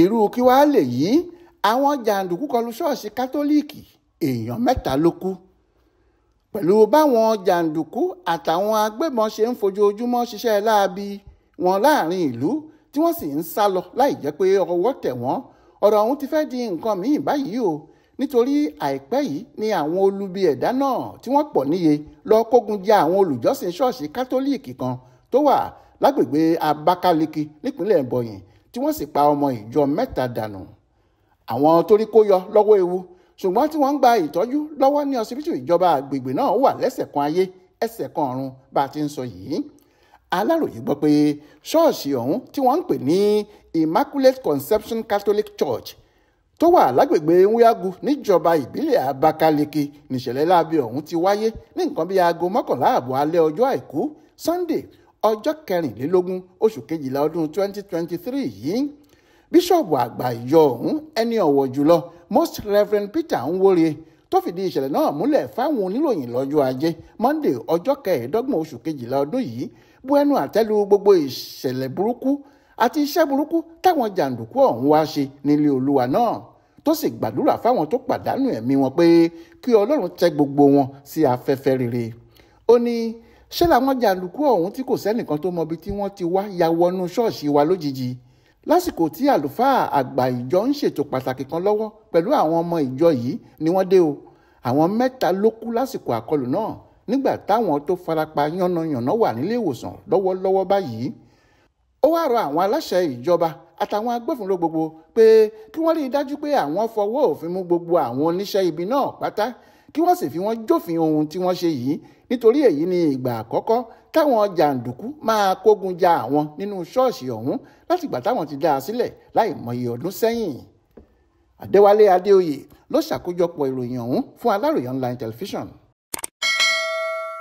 irú kí wàá lè yí àwọn jàǹdùkú kọlu ṣọ́ọ̀ṣì kátólíìkì èèyàn mẹ́ta ló kú pẹ̀lú báwọn jàǹdùkú àtàwọn agbébọn ṣe ń fojoojúmọ́ ṣiṣẹ́ láabi wọn láàrin ìlú tí wọ́n sì ń sá lọ láì jẹ́ pé ọwọ́ tẹ̀ wọ́n ọ̀rọ̀ ọ̀hún ti fẹ́ di nǹkan míì báyìí o nítorí àìpẹ́ yìí ni àwọn olubi ẹ̀dá náà tí wọ́n pọ̀ níye lọ kógun ja àwọn olùjọ́sìn ṣọ́ọ̀ṣì kátólíìkì kan tó wà lágbègbè Abakaliki nípínlẹ̀ Ebonyi tí wọ́n sì pa ọmọ ìjọ mẹ́ta dànù àwọn torí kó yọ lọ́wọ́ ewu ṣùgbọ́n tí wọ́n ń gba ìtọ́jú lọ́wọ́ ní ọsibítù ìjọba àgbègbè náà wà lẹ́sẹ̀ kan ayé ẹsẹ̀ kan ọ̀run bá a ti ń sọ yìí aláròye gbọ́ pé ṣọ́ọ̀ṣì ọ̀hún tí wọ́n ń pè ní Immaculate Conception Catholic Church tó wà lágbègbè nwíágu níjọba ìbílẹ̀ Abakaliki níṣẹ̀lẹ̀ láabi ọ̀hún ti wáyé ní nǹkan bíi aago mọ́kànlá ààbọ̀ alẹ́ ọjọ́ àìkú Sunday ọjọ́ kẹrìnlélógún oṣù kejìlá ọdún 2023 yìí bíṣọ̀bù àgbà ìjọ ọ̀hún ẹni ọ̀wọ̀ jùlọ most reverend peter nworie tó fìdí ìṣẹ̀lẹ̀ náà múlẹ̀ fáwọn oníròyìn lọ́jọ́ ajé monday ọjọ́ kẹẹ̀ẹ́dọ́gbọ̀n oṣù kejìlá ọdún yìí bu ẹnu àtẹ́lu gbogbo ìṣẹ̀lẹ̀ burúkú àti iṣẹ́ burúkú táwọn jàǹdùkú ọ̀hún wá ṣe nílé olúwa náà tó sì gbàdúrà fáwọn tó pàdánù ẹ̀mí wọn pé kí ọlọ́run tẹ gbogbo wọn sí afẹ́fẹ́ rere ó ní ṣé làwọn jàǹdùkú ọ̀hún tí kò sẹ́nìkan tó mọbi tí wọ́n ti wá ya wọnú ṣọ́ọ̀ṣì wa lójijì lásìkò tí àlùfáà àgbà ìjọ ń ṣètò pàtàkì kan lọ́wọ́ pẹ̀lú àwọn ọmọ ìjọ yìí ni wọ́n dé o àwọn mẹ́ta ló kú lásìkò àkọlù náà nígbà táwọn tó farapa yánnayànna wà nílé ìwòsàn lọ́wọ́lọ́wọ́ báyìí ó wáá rọ àwọn aláṣẹ ìjọba àtàwọn agbófinró gbogbo pé kí wọ́n rí i dájú pé àwọn fọwọ́ òfin mú gbogbo àwọn oníṣẹ́ ibi náà pátá kí wọ́n sì fi wọ́n jófin ohun tí wọ́n ṣe yìí nítorí èyí ni ìgbà àkọ́kọ́ táwọn jàǹdùkú máa kógun ja àwọn nínú ṣọ́ọ̀ṣì ọ̀hún látìgbà táwọn ti dá a sílẹ̀ láì mọye ọdún sẹ́yìn Adéwálé Adéoyè ló ṣàkójọpọ̀ ìròyìn ọ̀hún fún Aláròyé online television.